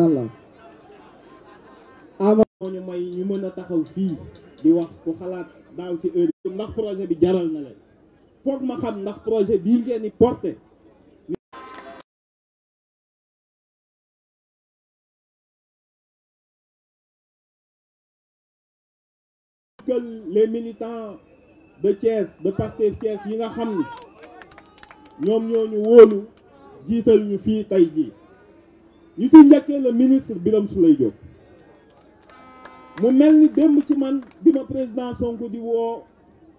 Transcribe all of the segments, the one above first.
yàlla ama moo ñu mën a taxaw fii di wax ku xalaat daaw ci heure bi ndax projet bi jaral na leen foog ma xam ndax projet bii ngeen di porté que les militants de Thiès de Pastef Thiès yi nga xam ni ñoom ñoo ñu wóolu jiital ñu fii tey jii ñu ci njëkkee le ministre Birame Souleye Diop mu mel ni démb ci man bi ma président Sonko di woo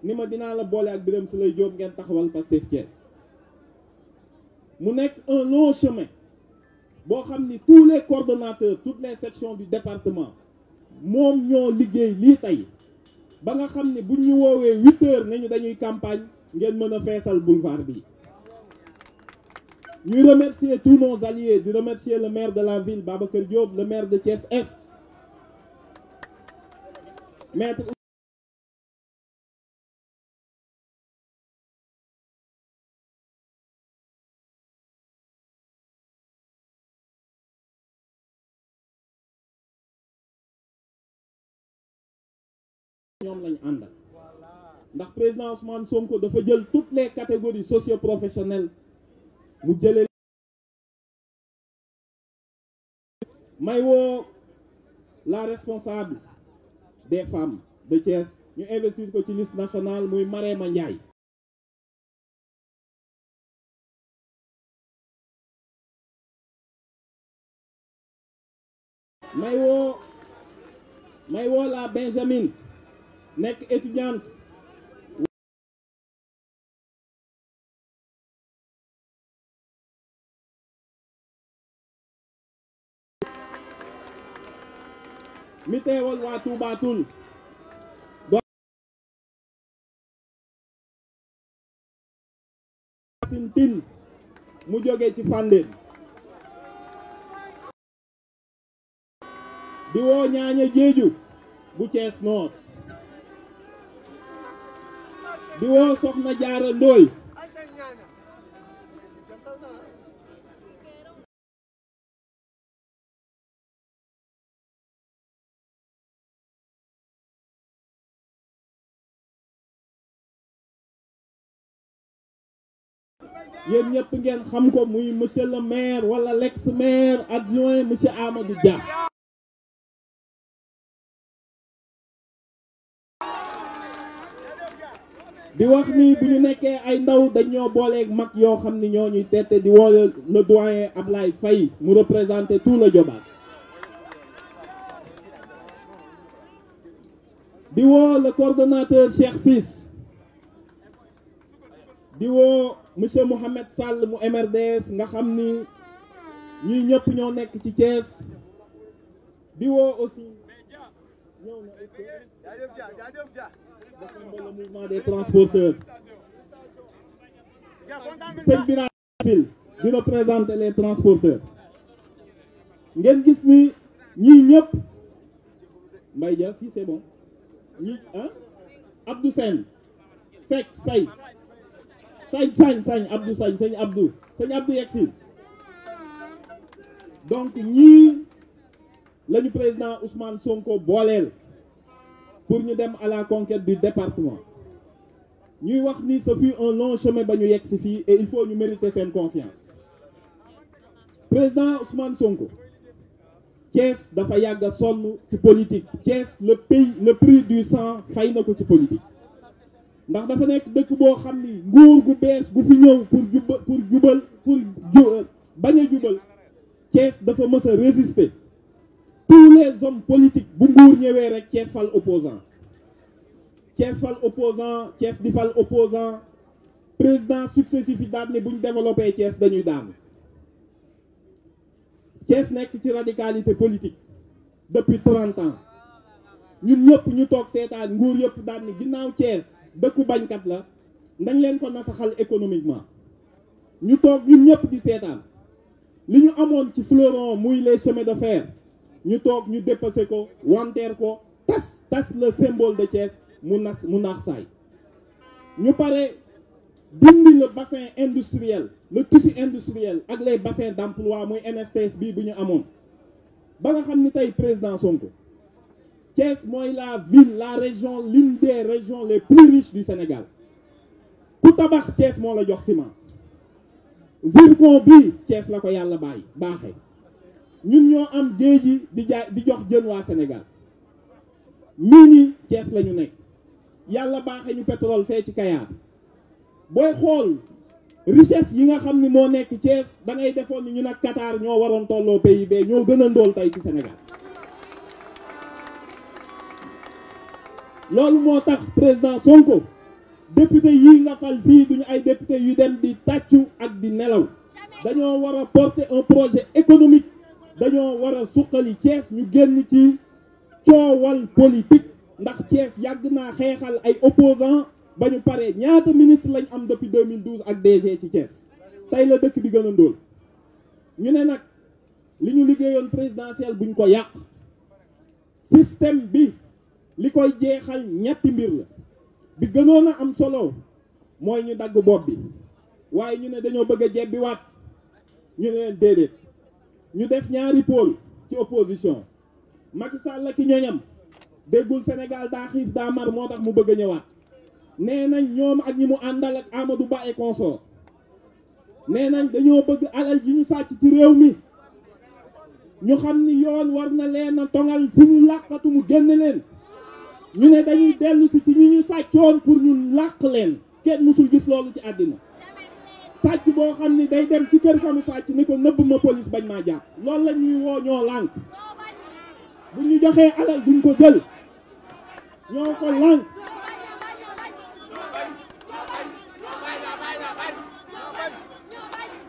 ni ma dinaa la boole ak su Souleye Diop ngeen taxawal Pastef Thiès mu nekk un long chemin boo xam ni tous les coordonnateurs toutes les sections du département moom ñoo liggéey lii tey ba nga xam ni buñ ñu woowee huit heures nañu dañuy campagne ngeen mën a feesal boulevard bi ñuy remercier tous nos alliés di remercier le maire de la ville Babacar Diop le maire de Thiès Est maître ñoom lañu àndal ndax président Ousmane Sonko dafa jël toutes les catégories socio-professionnelles mu jëlee may woo la responsable des femmes de ñu investir ko ci liste nationale muy Marema Ndiaye may woo may la Benjamin nekk étudiante mi teewal waa Touba Toul doon Sintine mu joge ci Fandène di woo ñaaña jéeju bu Thiès Nord di soxna Jaara Ndooy yéen ñëpp ngeen xam ko muy monsieur le maire wala l'ex maire adjoint monsieur Amadou Dia. di wax ni bu nekkee ay ndaw dañoo booleek mag yoo xam ni ñoo ñuy tette di woo le doyen Ablaye Faye mu représenter tout le Diobass di woo le coordonnateur Cheikh Ciss di woo monsieur Mouhamed Sall mu MRDS nga xam ni ñuy ñëpp ñoo nekk ci Thiès di aussi des transporteurs sëñ Birame Sil di les transporteurs ngeen gis ni ñii ñëpp Mbaye Dia si ñi ah Abdou Sène sañ sañ sañ Abdou sañ sañ Abdou sañ Abdou yegg donc ñii la président Ousmane Sonko booleel pour ñu dem à la conquête du département ñuy wax ni ce fut un long chemin ba ñu yegg si fii et il faut ñu mériter seen confiance président Ousmane Sonko Thiès dafa yàgg sonn ci politique Thiès le pays le prix du sang fay na ko ci politique. ndax dafa nekk dëkk boo xam ni nguur gu bees gu fi ñëw pour jub pour jubal pour ju euh, bañ a jubal Thiès dafa mës a résister tous les hommes politiques bu nguur ñëwee rek Thiès fal opposant Thiès fal opposant Thiès di fal opposant président successif yi daal ne buñ développé Thiès dañuy daan cees nekk ci radicalité politique depuis 30 ans ñun ñëpp ñu toog seetaan nguur yëpp daal ni ginnaaw Thiès dëkku bañkat la nañ leen ko nasaxal économiquement ñu toog ñun ñëpp di seetaan li ñu amoon ci fleuron muy les chemins de fer ñu toog ñu dépassé ko wanteer ko tas tas le symbole de Thiès mu nas mu naax saay ñu pare dindi le bassin industriel le tissu industriel ak les bassins d'emploi muy NSTS bii bu ñu amoon ba nga xam ni tey président Sonko Thiès mooy la ville la région l'une région régions les plus riches du Sénégal ku tabax Thiès moo la jox ciment zircon bi cees la ko yàlla bàyyi baaxee ñun ñoo am géej gi di jaay di jox jën waa Sénégal mii ni Thiès la ñu nekk yàlla baaxee ñu pétrole fee ci Kayar booy xool richesse yi nga xam ni moo nekk Thiès da ngay defoon ni ñu nag Qatar ñoo waroon tolloo PIB ñoo gën a ndóol tey ci Sénégal loolu moo tax président Sonko député yi nga fal fii duñu ay député yu dem di tàccu ak di nelaw dañoo war a porter un projet économique dañoo war a suqali Thiès ñu génn ci coowal politique ndax cees yàgg naa xeexal ay opposants ba ñu paree ñaata ministre lañ am depuis 2012 ak DG ci Thiès tey la dëkk bi gën a ndóol ñu ne nag li ñu liggéeyoon présidentiel buñ ko yàq système bi li koy jeexal ñetti mbir la bi gënoon a am solo mooy ñu dagg bopp bi waaye ñu ne dañoo bëgg a jebbi ñu ne leen déedéet ñu def ñaari pôle ci opposition Macky Sall la ki ñoñam déggul Sénégal daa xiif daa mar moo tax mu bëgg a ñëwaat nee nañ ñoom ak ñi mu àndal ak Amadou Ba et consort nee nañ dañoo bëgg alal ji ñu sàcc ci réew mi ñu xam ni yoon war na leena a tongal ñu làqatu mu génn leen ñu ne dañuy dellu ci ñi ñu sàccoon pour ñu làq leen kenn musul gis loolu ci àddina sàcc boo xam ni day dem ci kër xamu sàcc ni ko nëbb ma police bañ maa jàpp loolu la ñuy woo ñoo lànk bu ñu joxee alal duñ ko jël ñoo ko lànk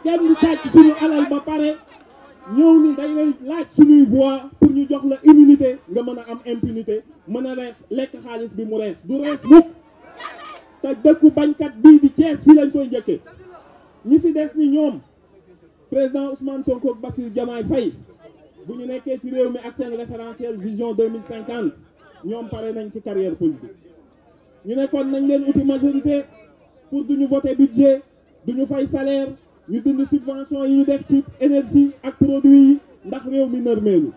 kenn sàcc suñu alal ba pare ñëw ni day lay laaj suñuy voix ñu jox la immunité nga mën a am impunité mën a rees lekk xaalis bi mu rees du rees mukk te dëkku bañkat bii di Thiès fii lañ koy njëkke ñi si des ni ñoom président Ousmane Sonko ak Bassirou Diomaye Faye bu ñu nekkee ci réew mi ak seen référentiel vision 2050 ñoom pare nañ ci carrière politique ñu nekkoon nañ leen outil majorité pour duñu voter budget duñu fay salaire ñu dindi subvention yi ñu def ci énergie ak produits yi ndax réew mi nërmeelu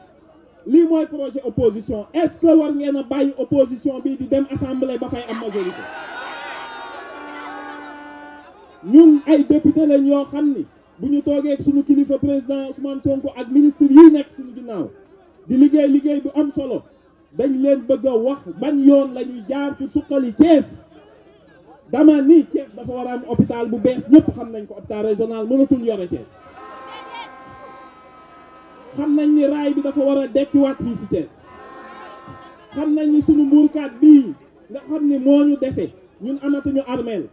lii mooy projet opposition est-ce que war ngeen a bàyyi opposition bi di dem assemblée ba fay am majorité ñun ay député lañ yoo xam ni bu ñu toogee ak suñu kilifa président Ousmane Sonko ak ministre yi nekk suñu ginnaaw di liggéey liggéey bu am solo dañ leen bëgg a wax ban yoon lañuy ñuy jaar pour suqali Thiès dama ni Thiès dafa war a am hôpital bu bees ñëpp xam nañ ko hôpital régional mënatul yore Thiès. xam nañ ni raay bi dafa war a dekkiwaat fii ci Thiès xam nañ ni suñu mbuurkaat bii nga xam ni moo ñu dese ñun amatuñu armeel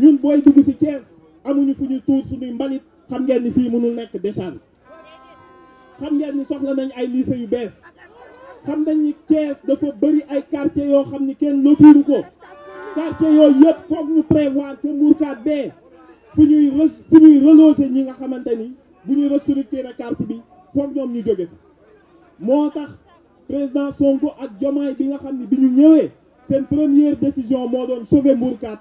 ñun booy dugg ci Thiès amuñu fu ñu tuur suñuy mbalit xam ngeen ni fii mënul nekk décharge xam ngeen ni soxla nañ ay lycée yu bees xam nañ ni Thiès dafa bëri ay quartier yoo xam ni kenn lotiiru ko quartier yooyu yëpp foog ñu prévoir que mbuurkaat bee fu ñuy fu ñuy reloger ñi nga xamante ni bu ñuy restructurer carte bi foog ñoom ñu jóge fa moo tax président Sonko ak Jomaay bi nga xam ne bi ñu ñëwee seen première décision moo doon sauver Mbourkat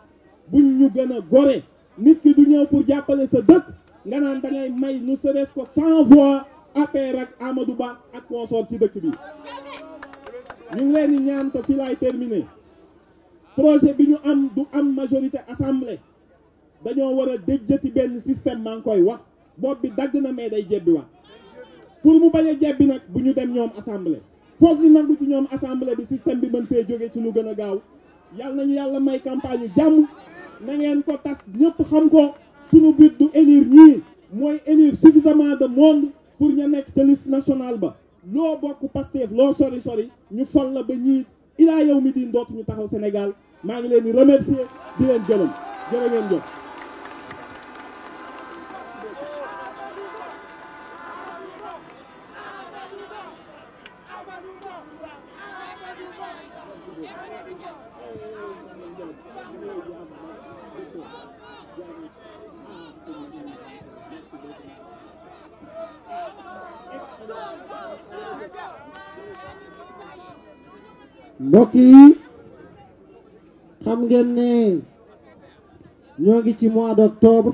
buñ ñu gën a gore nit ki du pour jàppale sa dëkk nga naan da may nu serees ko sans voix APR ak Amadou Ba ak consort ci dëkk bi ñu ngi leen di ñaan ko ci laay terminer projet bi ñu am du am majorité assemblée dañoo war a déjjati benn système maa ngi koy wax bopp bi dagg na mais day jebbi wax pour mu bañ a jebbi nag bu ñu dem ñoom assemblée foog ñu nangu ci ñoom assemblée bi système bi mën fee jóge ci lu gën a gaaw yàlla nañu yàlla may campagne yu jàmm na ngeen ko tas ñëpp xam ko suñu but du élire ñii mooy élire suffisamment de monde pour ñu nekk ca liste nationale ba loo bokk Pastef loo sori sori ñu fol la ba ñii ilaa yow mi diin dootuñu taxaw Sénégal maa ngi leen di remercier di leen gërëm jërë ngeen mbokk yi xam ngeen ne ñoo ngi ci mois d'octobre